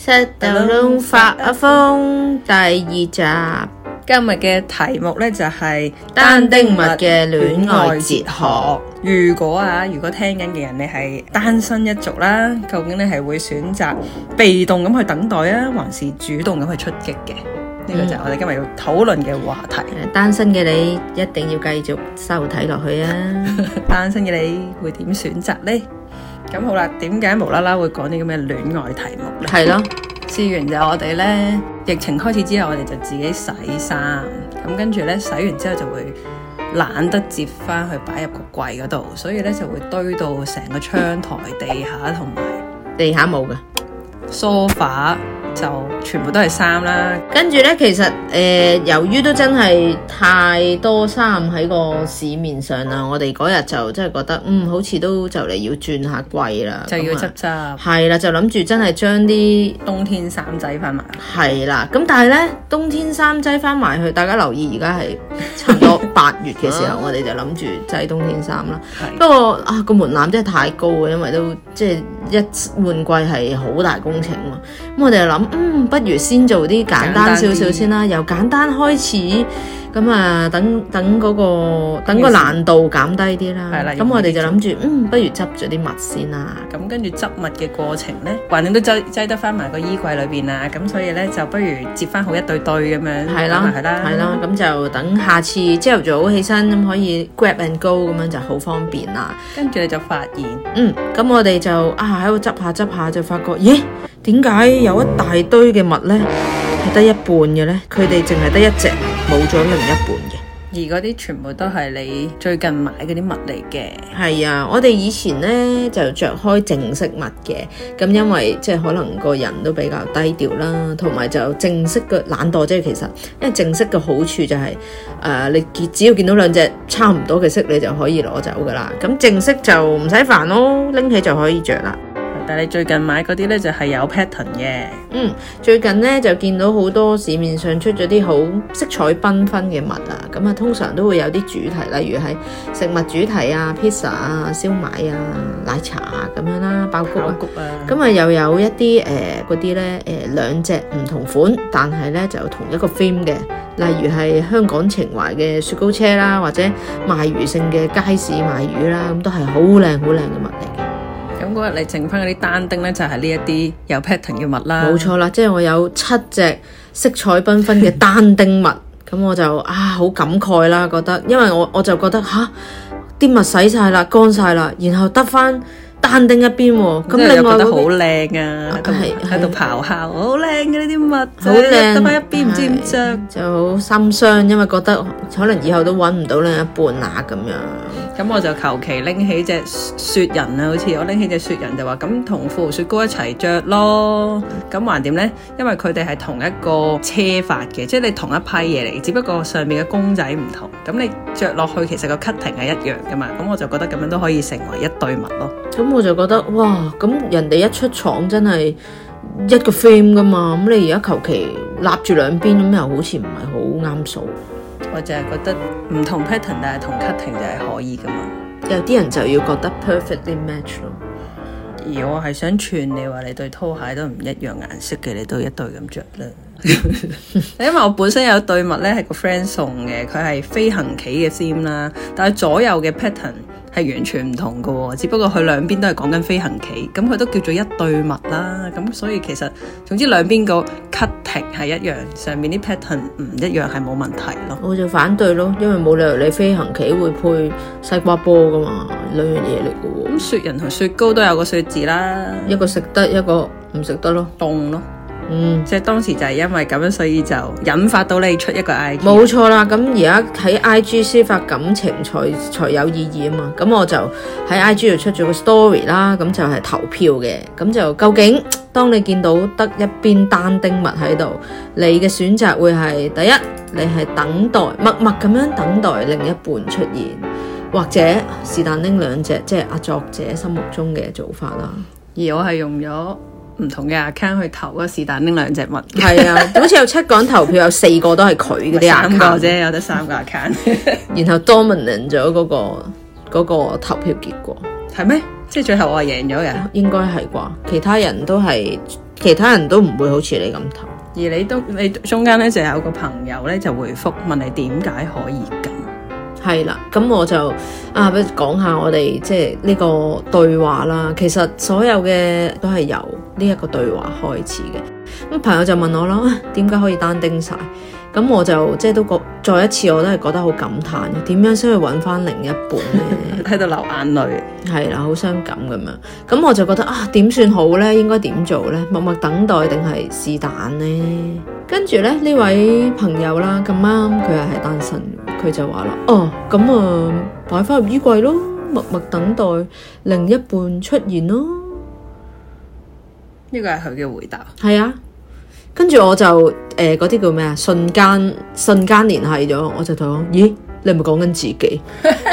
《失到窿發阿瘋》第二集，今日嘅題目呢，就係單丁物嘅戀愛哲學。哲學，如果啊，如果聽緊嘅人你係單身一族啦，究竟你係會選擇被動咁去等待啊，還是主動咁去出擊嘅？呢個就係我哋今日要討論嘅話題。單身嘅你一定要繼續收睇落去啊！ 單身嘅你會點選擇呢？咁好啦，點解無啦啦會講啲咁嘅戀愛題目呢？係咯的，試完就我哋呢。疫情開始之後，我哋就自己洗衫，咁跟住呢，洗完之後就會懶得接翻去擺入個櫃嗰度，所以呢就會堆到成個窗台、地下同埋地下冇嘅梳化。就全部都係衫啦，跟住呢，其實誒、呃，由於都真係太多衫喺個市面上啦，我哋嗰日就真係覺得，嗯，好似都就嚟要轉下季啦，就要執執，係啦，就諗住真係將啲冬天衫仔翻埋，係啦，咁但係呢，冬天衫擠翻埋去，大家留意而家係差唔多八月嘅時候， 我哋就諗住擠冬天衫啦，的不過啊個門檻真係太高啊，因為都即係。一換季係好大工程嘛、啊，咁我哋就諗，嗯，不如先做啲簡單少少先啦，由簡單開始，咁啊、嗯嗯嗯，等等嗰、那個，等個難度減低啲啦。係啦、嗯。咁我哋就諗住，嗯，不如執咗啲襪先啦。咁跟住執襪嘅過程咧，橫掂都擠擠得翻埋個衣櫃裏邊啊，咁所以咧就不如摺翻好一堆堆咁樣。係啦，係啦，係啦。咁就等下次朝頭早起身咁可以 grab and go 咁樣就好方便啦。跟住你就發現，嗯，咁我哋就啊～喺度執下執下就發覺，咦？點解有一大堆嘅襪呢？係得一半嘅呢？佢哋淨係得一隻，冇咗另一半嘅。而嗰啲全部都係你最近買嗰啲襪嚟嘅。係啊，我哋以前呢，就着開正色襪嘅。咁因為即係、就是、可能個人都比較低調啦，同埋就正色嘅懶惰即係。其實，因為正色嘅好處就係、是、誒、呃，你只要見到兩隻差唔多嘅色，你就可以攞走噶啦。咁正色就唔使煩咯，拎起就可以着啦。但係你最近買嗰啲咧就係有 pattern 嘅。嗯，最近咧就見到好多市面上出咗啲好色彩繽紛嘅物啊，咁啊通常都會有啲主題，例如係食物主題啊、pizza 啊、燒賣啊、奶茶啊咁樣啦、爆谷啊、爆谷啊，咁啊，啊又有一啲誒嗰啲咧誒兩隻唔同款，但係咧就同一個 theme 嘅，例如係香港情懷嘅雪糕車啦，或者賣魚勝嘅街市賣魚啦，咁都係好靚好靚嘅物嚟嘅。嗰日嚟剩翻嗰啲單丁咧，就係呢一啲有 pattern 嘅物啦。冇錯啦，即係我有七隻色彩繽紛嘅單丁物，咁 我就啊好感慨啦，覺得，因為我我就覺得吓啲、啊、物洗晒啦，乾晒啦，然後得翻。淡定一邊喎，咁又、嗯、覺得好靚啊，喺度咆哮，好靚嘅呢啲襪，好靚，擺一邊唔知點着，就好心傷，因為覺得可能以後都揾唔到另一半啊咁樣。咁、嗯嗯、我就求其拎起隻雪人啊，好似我拎起隻雪人就話咁，同富豪雪糕一齊着咯。咁還點咧？因為佢哋係同一個車法嘅，即、就、係、是、你同一批嘢嚟，只不過上面嘅公仔唔同。咁你着落去其實個 cutting 係一樣噶嘛。咁我就覺得咁樣都可以成為一對襪咯。我就覺得哇，咁人哋一出廠真係一個 frame 噶嘛，咁你而家求其立住兩邊咁，又好似唔係好啱數。我就係覺得唔同 pattern 但係同 cutting 就係可以噶嘛。有啲人就要覺得 perfectly match 咯。而我係想串你話，你，你對拖鞋都唔一樣顏色嘅，你都一對咁着啦。 因為我本身有對襪咧，係個 friend 送嘅，佢係飛行棋嘅 theme 啦，但係左右嘅 pattern。係完全唔同㗎喎，只不過佢兩邊都係講緊飛行棋，咁佢都叫做一對物啦，咁所以其實總之兩邊個 cutting 係一樣，上面啲 pattern 唔一樣係冇問題咯。我就反對咯，因為冇理由你飛行棋會配西瓜波㗎嘛，兩樣嘢嚟㗎喎。咁雪人同雪糕都有個雪字啦，一個食得，一個唔食得咯，凍咯。嗯，即係當時就係因為咁樣，所以就引發到你出一個 I G，冇錯啦。咁而家喺 I G 抒發感情才才有意義啊嘛。咁我就喺 I G 度出咗個 story 啦，咁就係投票嘅。咁就究竟當你見到得一邊單丁物喺度，你嘅選擇會係第一，你係等待，默默咁樣等待另一半出現，或者是但拎兩隻，即係阿作者心目中嘅做法啦。而我係用咗。唔同嘅 account 去投嗰個是但拎兩隻物，係啊，好似有七個人投票，有四個都係佢嗰啲三 c 啫，有得 三個 account， 然後 d o m i n a t i 咗、那、嗰個、那個投票結果，係咩？即係最後我係贏咗嘅，應該係啩？其他人都係，其他人都唔會好似你咁投，而你都你中間咧就有個朋友咧就回覆問你點解可以咁？係啦，咁我就啊，講下我哋即係呢個對話啦。其實所有嘅都係由呢一個對話開始嘅。咁、嗯、朋友就問我咯，點、啊、解可以單丁晒？咁我就即係、就是、都覺，再一次我都係覺得好感嘆嘅。點樣先去揾翻另一半呢？睇到 流眼淚，係啦，好傷感咁樣。咁我就覺得啊，點算好呢？應該點做呢？默默等待定係是但呢？跟住咧呢位朋友啦，咁啱佢又係單身。佢就話啦，哦咁啊，擺翻入衣櫃咯，默默等待另一半出現咯。呢個係佢嘅回答，係啊。跟住我就誒，嗰啲叫咩啊？瞬間瞬間聯繫咗，我就同佢講：咦，你係咪講緊自己？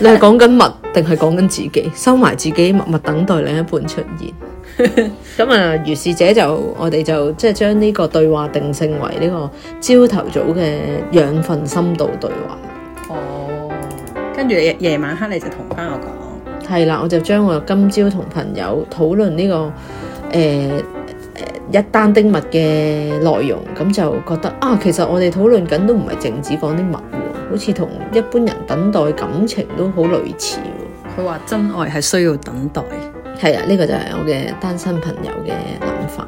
你係講緊物定係講緊自己？收埋自己，默默等待另一半出現。咁啊，如是者就我哋就即係將呢個對話定性為呢個朝頭早嘅養分深度對話。跟住夜晚黑，你就同翻我講，係啦，我就將我今朝同朋友討論呢個誒、呃呃、一單丁物嘅內容，咁就覺得啊，其實我哋討論緊都唔係淨止講啲物，好似同一般人等待感情都好類似。佢話真愛係需要等待，係啊，呢、這個就係我嘅單身朋友嘅諗法。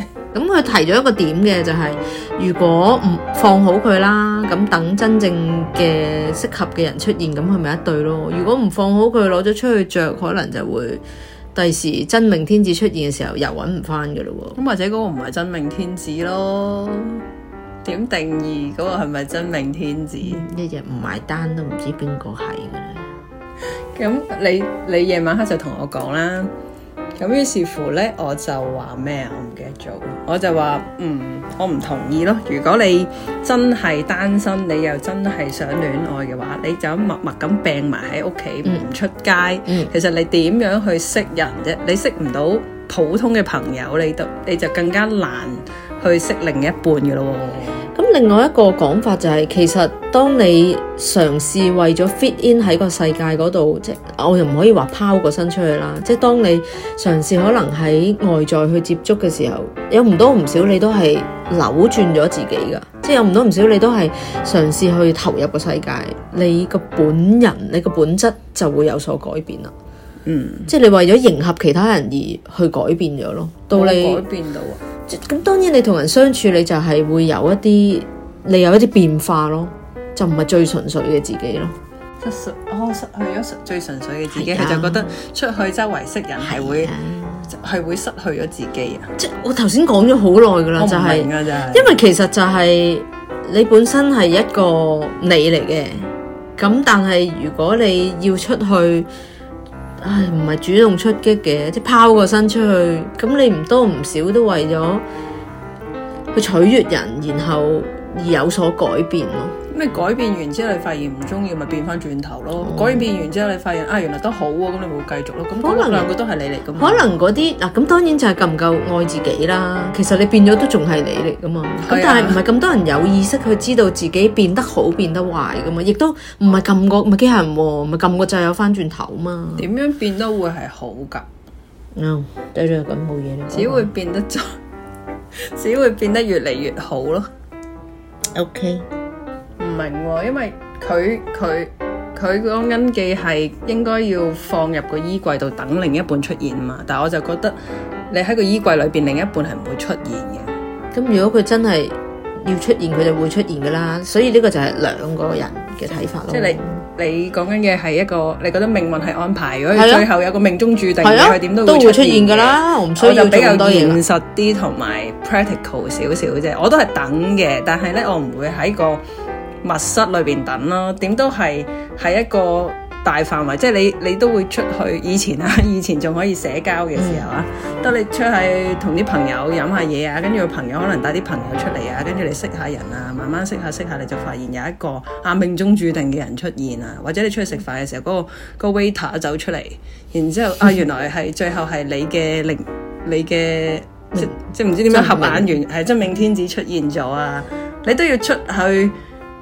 咁佢提咗一個點嘅就係，如果唔放好佢啦，咁等真正嘅適合嘅人出現，咁佢咪一對咯。如果唔放好佢，攞咗出去着，可能就會第時真命天子出現嘅時候，又揾唔翻㗎咯。咁或者嗰個唔係真命天子咯？點定義嗰個係咪真命天子？一日唔埋單都唔知邊個係㗎。咁你你夜晚黑就同我講啦。咁於是乎咧，我就話咩啊？我唔記得咗。我就話嗯，我唔同意咯。如果你真係單身，你又真係想戀愛嘅話，你就咁默默咁病埋喺屋企，唔出街，嗯、其實你點樣去識人啫？你識唔到普通嘅朋友，你都你就更加難去識另一半嘅咯。咁另外一個講法就係，其實當你嘗試為咗 fit in 喺個世界嗰度，即我又唔可以話拋個身出去啦。即係當你嘗試可能喺外在去接觸嘅時候，有唔多唔少你都係扭轉咗自己噶，即係有唔多唔少你都係嘗試去投入個世界，你個本人你個本質就會有所改變啦。嗯，即係你為咗迎合其他人而去改變咗咯，到你改變到啊。咁當然你同人相處，你就係會有一啲，你有一啲變化咯，就唔係最純粹嘅自己咯。失去咗最純粹嘅自己，佢、啊、就覺得出去周圍識人係、啊、會係會失去咗自己啊！即我頭先講咗好耐噶啦，就係、係就係、因為其實就係、係、你本身係一個你嚟嘅，咁但係如果你要出去。唉，唔係主動出擊嘅，即係拋個身出去，咁你唔多唔少都為咗去取悅人，然後而有所改變咯。咩改變完之後，你發現唔中意，咪變翻轉頭咯？嗯、改變完之後，你發現啊、哎，原來都好喎、啊，咁你冇繼續咯、啊。咁可能個兩個都係你嚟噶嘛？可能嗰啲嗱，咁當然就係夠唔夠愛自己啦。其實你變咗都仲係你嚟噶嘛？咁、啊、但係唔係咁多人有意識去知道自己變得好、變得壞噶嘛？亦都唔係撳個唔係機械人喎，唔係撳個掣就有翻轉頭嘛？點樣變都會係好噶？嗯、no，對住咁冇嘢，只會變得 只會變得越嚟越好咯。OK。明喎，因為佢佢佢講緊嘅係應該要放入個衣櫃度等另一半出現嘛。但係我就覺得你喺個衣櫃裏邊，另一半係唔會出現嘅。咁如果佢真係要出現，佢就會出現噶啦。所以呢個就係兩個人嘅睇法咯。即係你你講緊嘅係一個你覺得命運係安排，如果最後有個命中注定，佢點、啊、都會出現嘅啦。所我，我就比較現實啲同埋 practical 少少啫。我都係等嘅，但係咧我唔會喺個密室裏邊等咯，點都係喺一個大範圍，即係你你都會出去。以前啊，以前仲可以社交嘅時候啊，當你出去同啲朋友飲下嘢啊，跟住個朋友可能帶啲朋友出嚟啊，跟住你識下人啊，慢慢識下識下，你就發現有一個啊命中注定嘅人出現啊，或者你出去食飯嘅時候，嗰、那個 waiter、那個、走出嚟，然之後 啊，原來係最後係你嘅令你嘅即、嗯、即唔知點樣命合眼緣，係真命天子出現咗啊！你都要出去。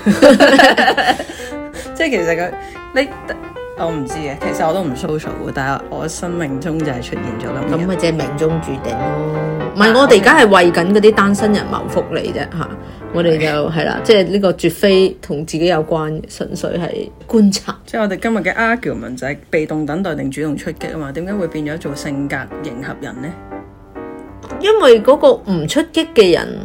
即係其實佢，你我唔知嘅，其實我都唔 social 嘅，但係我生命中就係出現咗咁樣，咁咪即係命中注定咯。唔係我哋而家係為緊嗰啲單身人謀福利啫吓，啊、我哋就係啦 Okay.，即係呢個絕非同自己有關，純粹係觀察。即係我哋今日嘅 argument 就係被動等待定主動出擊啊嘛？點解會變咗做性格迎合人呢？因為嗰個唔出擊嘅人。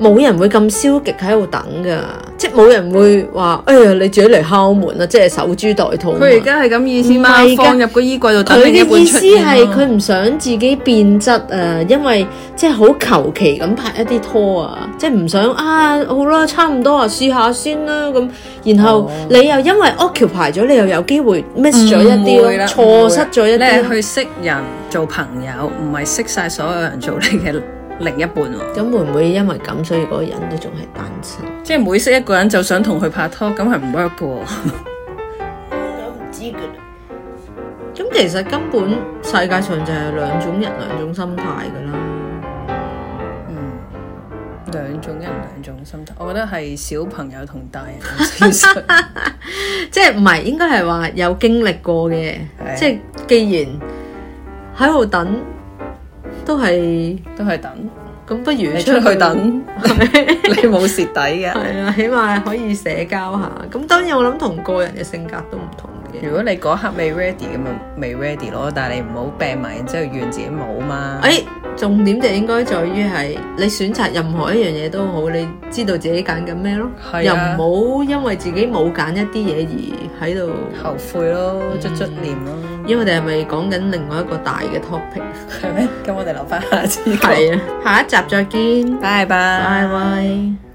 冇人會咁消極喺度等噶，即係冇人會話：哎呀，你自己嚟敲門啊！即係守株待兔。佢而家係咁意思嗎？係放入個衣櫃度，佢嘅意思係佢唔想自己變質啊，因為即係好求其咁拍一啲拖啊，即係唔想啊，好啦，差唔多啊，試下先啦咁。然後、哦、你又因為 occupy 咗，你又有機會 miss 咗一啲，錯、嗯、失咗一啲。去識人做朋友，唔係識晒所有人做你嘅。 另一半喎、啊，咁會唔會因為咁，所以嗰人都仲係單身？即係每識一個人就想同佢拍拖，咁係唔 work 嘅。咁唔知嘅。咁其實根本世界上就係兩種人、兩種心態嘅啦。嗯，兩種人兩種心態，我覺得係小朋友同大人嘅差別 即係唔係應該係話有經歷過嘅？的即係既然喺度等。都係都係等，咁不如出去等，係咪你冇蝕底嘅？係啊，起碼可以社交下。咁當然我諗同個人嘅性格都唔同嘅。如果你嗰刻未 ready 咁咪未 ready 咯，但係你唔好病埋，然之後怨自己冇嘛。哎，重點就應該在於係你選擇任何一樣嘢都好，你知道自己揀緊咩咯，又唔好因為自己冇揀一啲嘢而喺度後悔咯，卒卒念咯。因為我哋係咪講緊另外一個大嘅 topic 係咩？咁我哋留翻下先、 啊。係，下一集再見，拜拜。Bye bye。